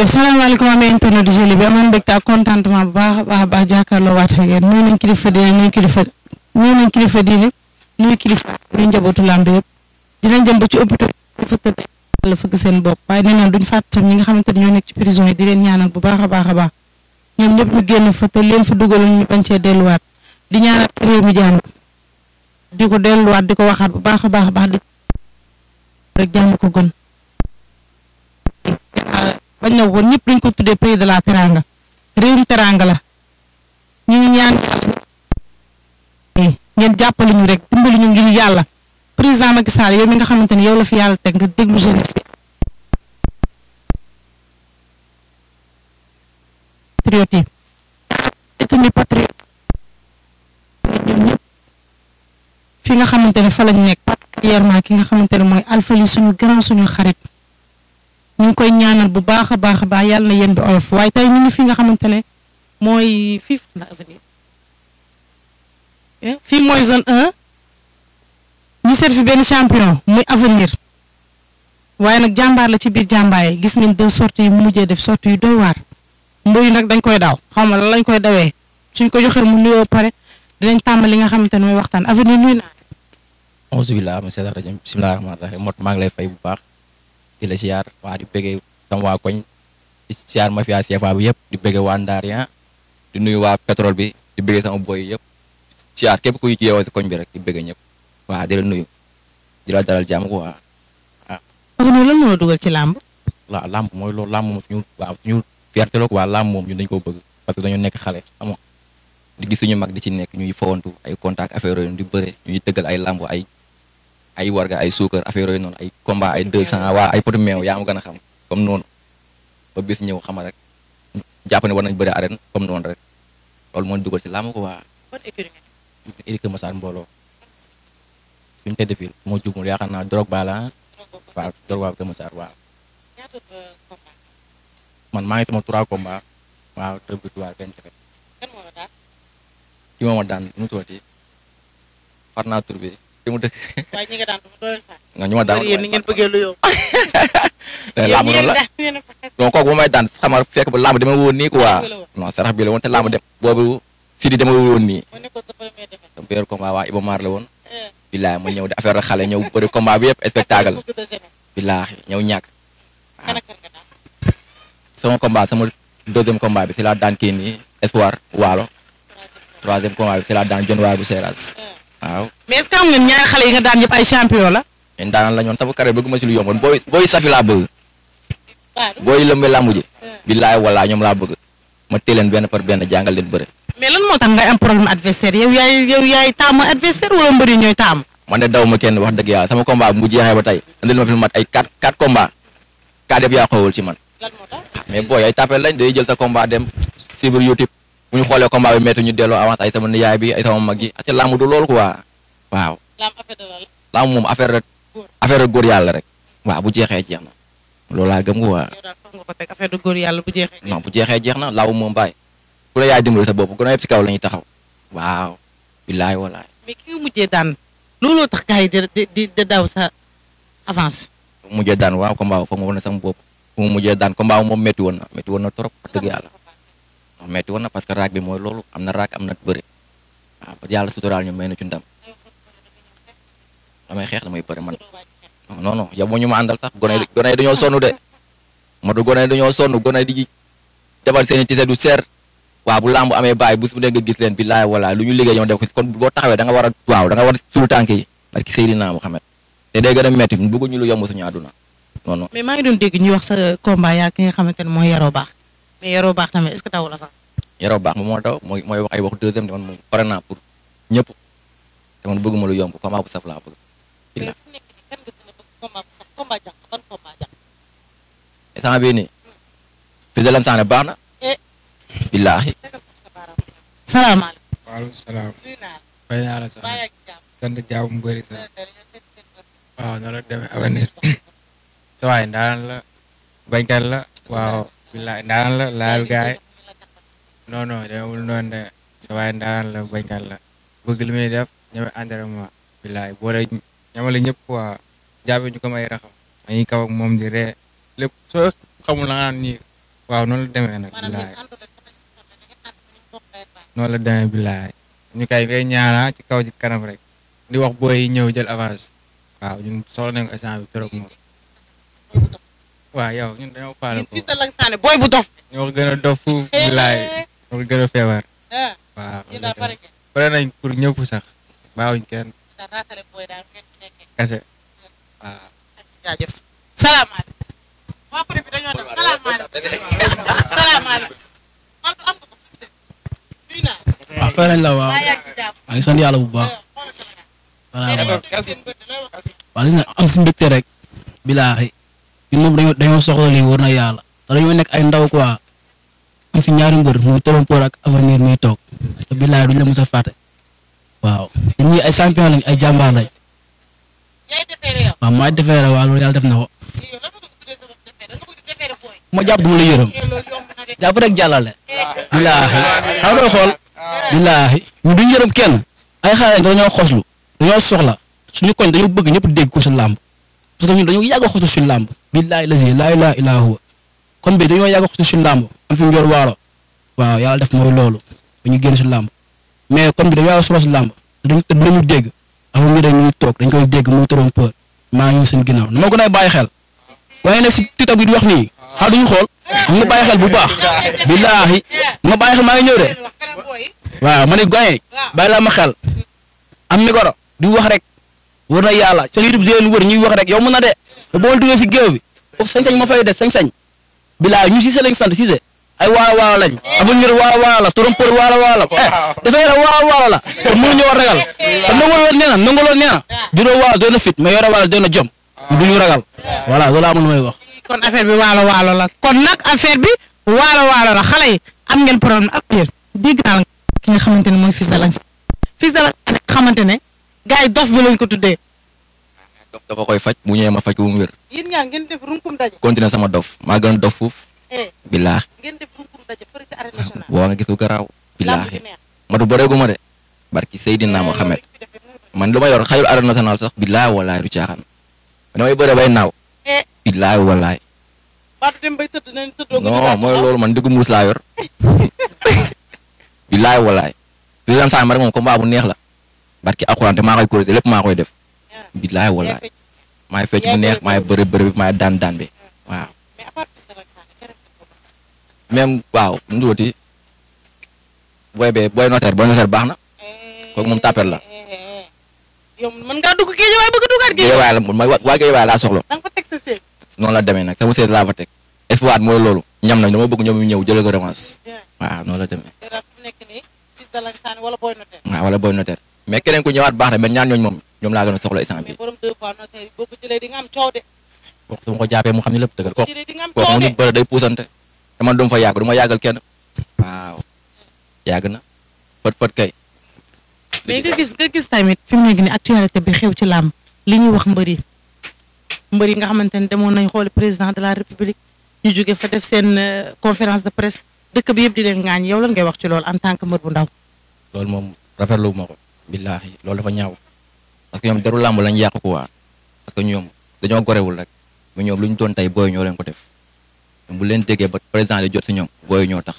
jërëjëf salaamaaleykum amee internet du jëli bi amoon mbégte ak contentement bu baax a baax a baax jàkkaarloo waat ak yéen nuyu nañ kilifa diine nuyu kilifa nuyu nañ kilifa diine nuyu njabootu làmb yëpp dinañ jëm ba ci hôpital dafa fëgg seen bopp waaye nee na duñ fàtte ñi nga xamante ne ñoo nekk ci prison yi di leen ñaanal bu baax a baax a baax ñoom ñëpp ñu génn fa leen fa dugaloon ñu bañ cee delluwaat di ñaanal réew mi jàmm di ko delluwaat di ko waxaat bu baax a baax a baax di rek jàmm ko bañ na woon ñëpp dañ ko tuddee pays de la teranga réewum teranga la ñu ngi ñaan eh, ngeen jàppali ñu rek dimbali ñu ngir yàlla président Macky Sall yow mi nga xamante ni yow la fi yàlla teg nga déglu jeunesse fi nga xamante ne fa lañ nekk particulièrement ki nga xamante ne mooy Alpha Ly suñu grand suñu xarit ñu ngi koy ñaanal bu baax a baax a baax yàlla na yéen bi oyof waaye tey ñu ngi fi nga xamante ne mooy fii fan la avenir eh, fii mooy zone 1 seet fi benn champion muy avenir waaye nag jàmbaar la ci biir yi gis ngeen deux sorties yi mu mujjee def sorties yu doy waar mbir nag dañ koy daaw xaw ma lan lañ koy dawee suñ ko joxee mu nuyoo pare dinañ tàmbali li nga xamante ne mooy waxtaan avenir nuyu naa. auzu billaahi mina shaytaani rajiim bismillaahi rahmaani rahiim mot maa lay fay bu baax. di la siyaar waa di bëggee sama waa koñ di siyaar mafia CFA bi yëpp di bëggee waa Ndaarian di nuyu waa pétrole bi di bëggee sama boy yëpp siyaar képp kuy yeewoo si koñ bi rek di bëggee ñëpp waa di la nuyu di la dalal jàmm quoi ah. loolu lan moo ci làmb. waaw làmb mooy loolu lamb moom suñu ñu suñu fierté la quoi làmb moom ñun dañ koo bëgg parce que dañoo nekk xale amoo di gis suñu mag di ci nekk ñuy fawantu ay contact affaire yooyu di bëre ñuy tëggal ay làmb ay. ay warga ay suukar affaire non ay combat ay 200 cent waa ay pot mew yaa ma gën xam comme non ba bis ñew xama rek japp ne war nañ bëri arène comme non rek loolu mo duggal ci làmb ko waa Eric Massar mbooloo mbolo fiñ té fii mo jugul ya xana drog bala wa drog wa ko Kër Massar waaw man ma ngi sama trois combat waaw deux victoire benn défaite ki ma mo wa dan mu tuddati far naa bi fi mu dëkk. waaye ñu ma daan yéen ni ngeen bëggee lu yow. làmb noonu la donc may sarax bi la woon te làmb dem boobu Sidi demee woon nii. sama premier combat waa Iba la woon. bilaay ma ñëw de affaire xale ñëw bëri combat bi yëpp spectacle bilaay ñëw ñàkk. sama combat sama deuxième combat bi si laa daan kii nii Espoir Waalo troisième combat bi si daan John bu Seras. Eh. waaw mais est ce que xale yi nga daan yëpp ay champion la. ñun daanaka la ñu woon tabu carré bëgguma ci lu yomboon booy booy safi laa bëgg. booy lëmbe làmb ji. Hmm. billaay walaay ñoom laa bëgg. ma téye leen benn par benn jàngal leen bëre. mais lan moo tax ngay am problème adversaire yow yaay yow yaay taamu adversaire wala mbëri ñooy taamu. man ne daw ma kenn wax dëgg yàlla sama combat bu jeexee ba tey andil ma fi mat ay quatre quatre komba quatre yëpp yaa xawul ci man. Ah, mais booy ay lañ day jël sa combat dem cibre YouTube bu ñu xoolee combat bi métti ñu delloo avance ay sama nijaay bi ay sama mag yi ci làmb du loolu quoi waaw. làmb moom affaire rek affaire góor yàlla rek waaw bu jeexee jeex na loolu laa gëm quoi. affaire yàlla bu jeexee. non bu jeexee jeex na laaw moom bàyyi ku la yaay dimbali sa bopp gën a yëpp ci kaw la ñuy taxaw. waaw. billaay walaay. mais ki nga mujjee daan looloo tax gars yi di sa avance. mujjee daan waaw combat foofu ma wane sama bopp fu mu mujjee daan combat moom métti woon na métti woon na trop wax dëgg yàlla. metti woon na parce que raag bi moy lolu amna na amna am ba yalla waaw ñu meenu ci ndam damay xeex damay bëri man non non yow ñu ma andal sax gonay gonay dañu sonu de ma du gonay dañu sonu gonay di jabal seen i du ser wa bu lamb amé bay bu su nga gis leen lay wala lu ñu def ko kon bo taxawé da nga wara waaw da nga wara sul tanki barki sayyidina Muhammad te day gën a metti ñu lu yomb suñu aduna non non mais ma ngi doon dégg ñuy wax sa combat ya ki nga xamantene ne yaro baax mais baax tamit est-ce que taw la fa. yaroo moo taw mooy mooy wax deuxième te man pour ñëpp te a bëgg combat bu saf combat jàq ban combat jàq. instant baax na. Eh. billaahi. salaam. nuyu naa la. fay la soxna bilaay ndaanaan la laal gaay non non demewul noonu de sa waay ndaanaan la la bëgg li muy def ñeme entraînement bilaay boole ñamale ñëpp ko may raxam dañuy kaw ak moom di ree lépp soo xamul la naan nii waaw noonu la demee nag noonu la demee bilaay ñu kay ngay ñaana ci kaw ci kanam rek di wax booy ñëw jël avance waaw ñu soxla nañ ko instant bi trop moom waaw yow ñun dañoo faale ko Cissé Langsane booy bu dof. ñoo gën a dof fu bilaay ñoo gën a feebar. Ah, waaw pare nañ pour ñëpp sax baawuñ kenn. kase waaw. Ah. jaajëf salaamaaleykum. waa kuréel bi dañoo dem salaamaaleykum salaamaaleykum. waaw fay nañ la waaw maa ngi sant yàlla bu baax. Ah, waaw am si mbégte rek bilaahi ñun moom dañoo dañoo soxla lii wër na yàlla te dañoo nekk ay ndaw quoi am fi ñaari mbër muy Torompoor ak avenir muy toog te billaay duñ la mës a waaw te ay champion lañ ay jàmbaar lañ waaw defeere waaw loolu yàlla def na ko ma jàpp dama la yërëm eh, jàpp rek jàllale eh. billaahi xaw billaahi ñu duñ yërëm kenn ay xale dañoo xoslu dañoo soxla suñu koñ dañoo bëgg ñëpp dégg ko sa làmb parce que ñun dañoo yàgg a xustu suñu làmb billaahi lazi laa ilaaha illaa huwa kon bi dañoo yàgg a xustu suñu làmb am fi njool waalo waaw yàlla def mooy loolu ba ñu génn si làmb mais kon bi dañoo yàgg a solo si làmb dañu dégg ak ñu dañuy dañ koy dégg muy trompeur maa ngi seen ginnaaw na ma gën bàyyi xel waaye nag si tiktok bi di wax nii xaa duñu xool nga bàyyi xel bu baax billaahi nga bàyyi xel maa ngi ñëw de waaw ma ne goye bàyyi laa ma xel am micro di wax rek wona yalla ci seen YouTube di leen wër ñuy wax rek yow mëna dé de te boo duggee si bi foofu sañ-sañ ma fay dé sañ-sañ bila ñu Cissé lañ sant sé ay wa wa lañ avenir wa wa la pour wa waala waala eh dafay la wa wa la te ñu war ragal te nangaloon nee na nangaloon nee na do wa do na fit ma yoro wa do na jom du ñu ragal do la amul may wax. kon affaire bi waalo wa la kon nak affaire bi waalo wa la xalé yi am ngeen problème ak yeen dégg naa ki nga xamante moy Fils de Lansana Fils de Lansana xamante gars yi dof bi lañ ko tuddee. dof dafa koy faj bu ñëwee ma faj ko mu wér. yéen sama dof maa gën dof foofu. Eh. billaahi. ngeen def nga gis ko garaaw. billaahi ma du bëreegu de. barki Seydina eh, Mohamed man lu ma yor xayul arène nationale sax billaahi wallaahi du caaxaan damay bëre bay naaw. Eh. billaahi wallaahi. Badou mooy loolu man diggu muus laa yor. billaahi wallaahi. président Sane ma rek moom combat bu neex la. barki alxuraan te maa koy corrigé lépp maa koy maay fecc mu neex maay bërëb bërëb maay daan daan bi waaw. même waaw mu tuddati booy bee booy notaire booy notaire baax na eh, kooku moom tapet la. Eh, eh, yow mën la mooy demee nag sama séet laa fa teg. espoir mooy loolu. ñam nañ dama bëgg ñëw jëlee ko revanche. waaw noonu la demee. waaw wala booy notaire. mais keneen ku ñëwaat baax na mel ñaan ñooñu moom ñoom laa gën a soxla instant bi borom deux fois notaire yi boo ko di nga am coow de kooku su ko jàppee mu xam ne lépp dëggal kooku kooku mu nit bëri day puusante te man du fa yàgg du ma yàggal kenn waaw yàgg na fët fët kay mais nga gis nga gis tamit fi mu nekk ni actualité bi xew ci làmb li ñuy wax mbër yi nga xamante ne demoon nañ xool président de la république ñu jóge fa def seen euh, conférence de presse dëkk bi yëpp di leen ngaañ yow lan ngay wax ci loolu en tant que mbër bu ndaw loolu moom rafetlu ma ko billaahi loolu dafa ñaaw parce que ñoom deru làmb lañ yàq quoi parce que ñoom dañoo gorewul rek mais ñoom lu ñu doon tey booy ñoo leen ko def bu leen déggee ba président di jot si ñoom booy ñoo tax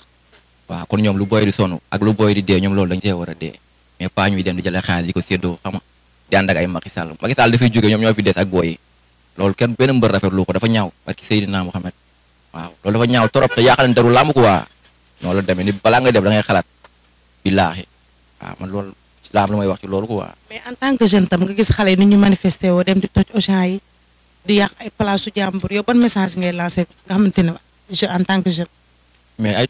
waaw kon ñoom lu booy di sonn ak lu booy di dee ñoom loolu dañ cee war a dee mais pas ñuy dem di jëlee xaalis di ko séddoo xam nga di ànd ak ay Macky Sall Macky Sall dafay jógee ñoom ñoo fi des ak booy yi loolu kenn benn mbër rafetlu ko dafa ñaaw barki Seydina Mouhamed waaw loolu dafa ñaaw trop te yàqaleen deru làmb quoi noonu la demee ni balaa ngay def da ngay xalaat billaahi waaw man loolu laa am lu may wax ci loolu quoi. mais en tant que jeune tam nga gis xale yi ni ñu manifesté woo dem di toj Auchan yi di yàq ay place su jàmbur yow ban message ngay lancé nga xamante ne je mais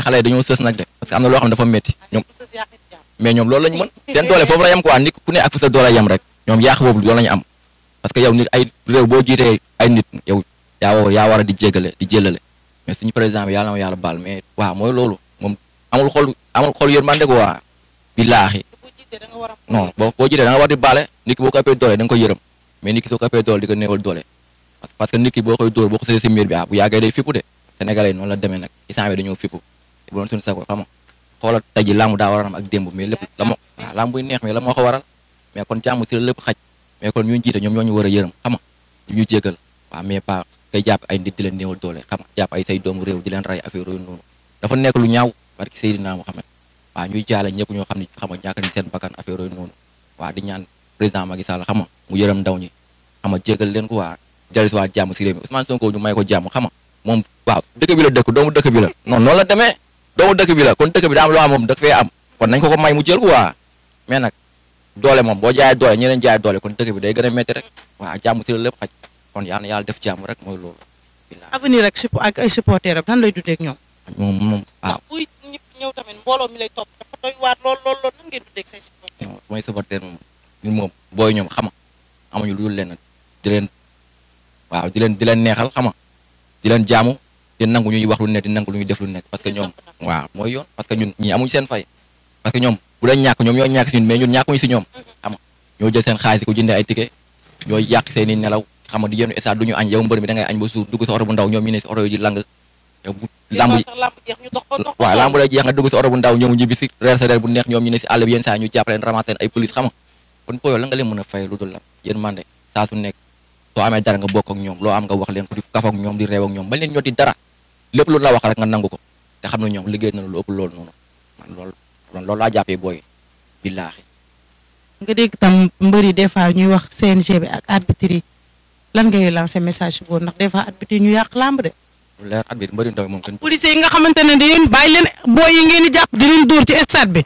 xale yi dañoo sës nag de parce que am na loo xam ne dafa métti. ñoom mais ñoom loolu la ñu mën seen doole foofu la yem quoi nit ku ne ak fu sa doole yem rek ñoom yàq boobu loolu ñu am parce que yow nit ay nit yow yaa war di jëlale mais suñu président bi yàlla billaahi non boo boo jiitee da nga war di baale nit ki boo ko ëppee doole da nga yërëm mais nit ki soo ko ëppee doole di ko néewal doole parce que nit ki boo koy dóor boo ko sësee si miir bi ah bu yàggee day fippu de sénégalais noonu la demee nag isaan bi dañoo fippu bu doon làmb daa war a am ak démb mais lépp la moo waaw neex mais la moo ko waral mais kon jàmm si la lépp xaj mais kon ñu jiite ñoom ñoo ñu war a yërëm xam ñu jégal waaw mais pas kay jàpp ay nit di leen néewal doole xam nga jàpp ay say doomu réew di leen ray affaire yooyu nekk lu ñaaw barki Seydina Muhammad waaw ñuy jaale ñëpp ñoo xam ne xam nga ñàkk nañ seen bakkan a yooyu noonu waaw di ñaan président Macky Sall xam nga mu yërëm ndaw ñi xam nga jégal leen ko waa jël si waa jàmm si réew mi Ousmane Sonko ñu may ko jàmm xam moom dëkk la dëkk doomu dëkk bi la non noonu la demee doomu dëkk bi la kon fee am kon nañ ko may mu jël ko waa mais doole moom boo jaayee doole ñeneen jaay doole kon dëkk bi day gën a métti rek waa jàmm si la lépp kon yal na yàlla def jàmm rek mooy loolu avenir ak ay supporter am nan lay dundee ak ñoom ñëw tamit mbooloo mi lay topp dafa doy waar lool mooy supporter moom ñun moom booy ñoom xama amuñu lu dul leen di leen waaw leen di leen neexal xama di leen jaamu di nangu ñuy wax lu nekk di nangu lu ñuy def lu nekk parce que ñoom waaw mooy yoon parce ñun ñii amuñu seen fay parce ñoom bu leen ñàkk ñoom ñoo ñàkk si ñun mais ñun ñàkkuñu si ñoom mm-hmm. xama ñoo jël seen xaalis ko jëndee ay ticket ñoo yàq seen i nelaw xama di yéenu stade du ñu añ yow mbër mi da ngay añ ba suur dugg sa oto bu ndaw ñoom ñu ne si oto yi di lang lamb waaw lamb day jeex nga dugg si oto bu ndaw ñëw ñibbi si reer sa reer bu neex ñoom ñu ne si àll bi yenn saa ñu jàpp leen ramassé ay police xam nga kon ko yow la nga leen mën fay lu dul la yéen iya, mandé saa su nekk soo amee dara nga bokk ak ñoom loo am nga wax leen ko di kaf ak ñoom di reew ak ñoom bañ leen ñotti dara lépp lu la wax rek nga nangu ko te xam kan ne ñoom liggéey na lu ëpp loolu noonu man loolu loolu laa jàppee booy billaahi nga dégg tam mbëri des fois ñuy wax CNG bi ak arbitre yi lan ngay lancer message boobu ndax des fois arbitre ñu yàq lamb de leer bi mbëri ndaw moom nga xamante ne da ngeen bàyyi leen booy yi ngeen di jàpp di leen dóor ci stade bi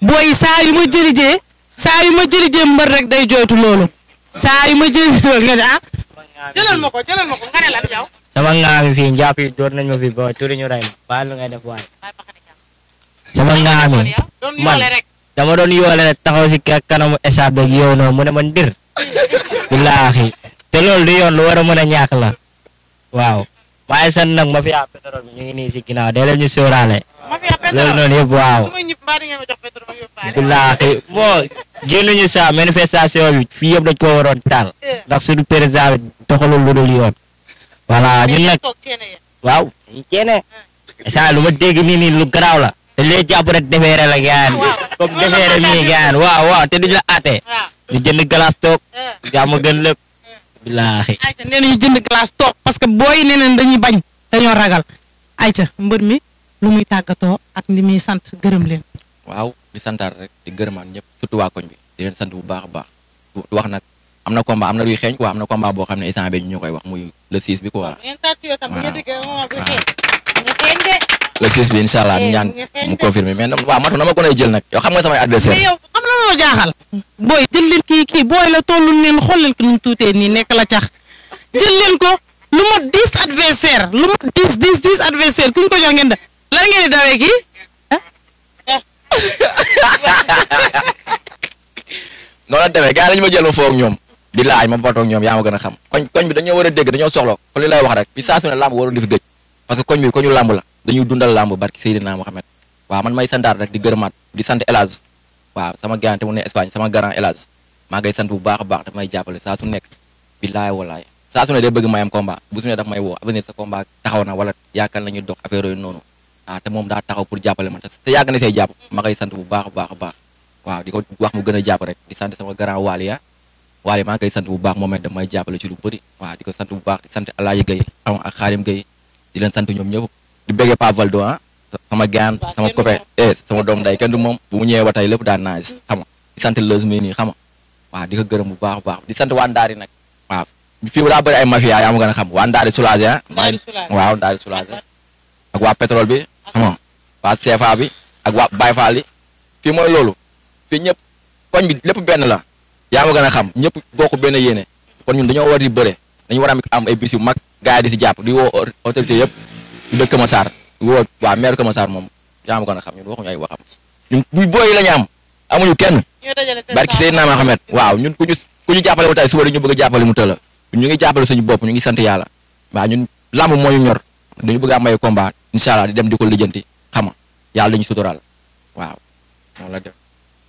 booy saa yu ma jëlijee saa yu ma jëlijee mbër rek day jooytu loolu saa yu ma jëlijee loolu ah, sama ngaa mi fii dóor nañ ma fi ba turi ñu rey ma baal lu ngay def waay. sama ngaa dama doon yoole rek taxaw si kanamu stade bi ak yow noonu mu ne ma ndir. te loolu du yoon lu war a mën a ñàkk la waaw. waaye seen nag mafia pétrole bi ñu ngi nii si ginnaaw ñu sóoraale. loolu noonu yëpp waaw. billaahi bon génnuñu sa manifestation bi fii yëpp dañ ko waroon taal eh. ndax suñu président bi doxalul lu dul yoon voilà ñun nag waaw ceene eh. saa lu ma dégg nii nii lu garaaw la te lee jàpp rek defeere la gaan ah, comme defeere nii gaan waaw waaw te duñ la ate ah. ñu jënd glace toog eh. jàmm gën lépp bilaahi ayca nee nañu jënd glace toog parce que booy nee nañ dañuy bañ dañoo ragal ay ayca mbër mi lu muy tàggatoo ak li muy sant gërëm leen. waaw di santaar rek di gërëmaan ñëpp surtout waa koñ bi di leen sant bu baax a baax wax nag am na combat am na luy xeeñ quoi am na combat boo xam ne instant bi ñu koy wax muy le 6 bi quoi. le 6 bi incha allah ñaan eh, eh, eh, mu confirmer mais nag waaw matu na ma ko lay jël nag yow xam nga samay adresse mais yow xam na lo jaaxal. boy jël len ki ki boy la tollul len xool leen ko nu tuté ni nek la tax jël len ko luma 10 adversaire luma 10 10 10 adversaire kuñ ko jox ngeen da lan ngeen di dawe ki non la dawe gars yi ma jël fo ak ñom di laaj ma batoog ñoom yaa ma gëna xam koñ koñ bi dañu wara dégg dañu soxlo ko li lay wax rek bi sa su lamb waru def di parce que koñ bi koñu lamb la dañuy dundal làmb barki Seydina Mohamed waaw man may santaat rek di gërëmaat di sant El waaw sama gante mu ne Espagne sama grand El maa ngay sant bu baax a baax daf may jàppale saa su nekk billaay walaay saa su ne day bëgg mayam combat bu su ne daf may woo avenir sa combat taxaw na wala yaakaar nañu dox affaire yooyu noonu waaw ah, te moom daa taxaw pour jàppale ma te te yàgg na say jàpp ma ngay sant bu baax a baax a baax waaw di ko wax mu gën a jàpp rek di sant sama grand Walia ah. Walia maa ngay sant bu baax moom it daf may jàppale ci lu bëri waaw di ko sant bu baax di sant Alaaji Gaye am ak Xaalim Gaye di leen sant ñoom ñëpp di bëggee Pape Valdo ah sama gaan sama copain eh sama doom day kenn du moom bu mu ñëwee ba tey lépp daan naa xam di sant Leuz mii nii xam nga di ko gërëm bu baax baax di sant waa Ndaari nag waaw fii daa bëri ay mafia yaa ma a xam waa Ndaari ah. waaw Ndaari soulagé ak waa pétrole bi xam nga waa CFA bi ak waa Baye Fall yi fii mooy loolu fii ñëpp koñ bi lépp benn la yaa ma gën a xam ñëpp bokk benn yéene kon ñu dañoo war di bëre dañu war a am ay bis yu mag gars di si jàpp di woo autorité yëpp dëkk Massar woo waa maire Massar moom yaa ma ko na xam ñu ya, waxu ñay waxam ñu bu boy la ñam amu ñu kenn barki sayyidna Mohamed waaw ñun ku ñu ku ñu jàppale ba tey suba dañu bëgg a mu teela ñu ngi jàppale suñu bop ñu ngi sant yalla waaw ñun lamb moo ñu ñor dañu bëgg amay combat inshallah di dem diko lijeenti xama yalla dañu sutural waaw mo la def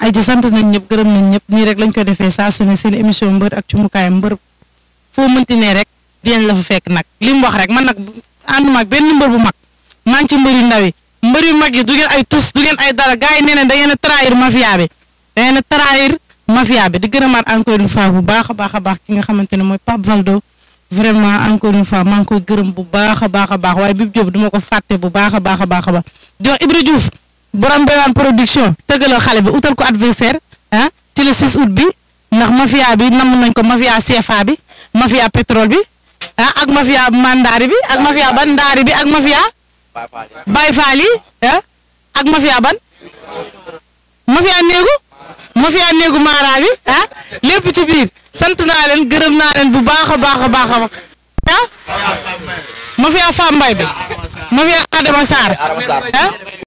ay di sant nañ ñep gërëm nañ ñep nii rek lañ ko defee sa suñu seen émission mbeur ak cumukaay mbër foo mënti ne rek ñu la fa fekk nak lim wax rek man nak ànduma ak benn mbër bu mag maa ngi ci mbëri ndaw yi mbëri mag yi du ngeen ay tus du ngeen ay dara gars yi nee nañ da ngeen a trahir mafia bi da ngeen a trahir mafia bi di gërëmaat encore une fois bu baax a baax a baax ki nga xamante ne mooy Pape Valdo vraiment encore une maa ngi koy gërëm bu baax a baax a baax waaye Bib Diop duma ko fàtte bu baax a baax a baax a baax di wax Ibra Diouf borom Mbéyaan production tëggaloo xale bi utal ko adversaire ah ci le 6 bi ndax mafia bi namm nañ ko mafia CFA bi mafia pétrole bi. ah ak mafia mandaari bi ak mafia ban ndaari bi ak mafia Baye Fall yi ah ak mafia ban mafia néegu mafia néegu maara bi ah lépp ci biir sant na leen gërëm naa leen bu baax a baax a baax a ah mafia Fambaye bi mafia Adama Sarr ah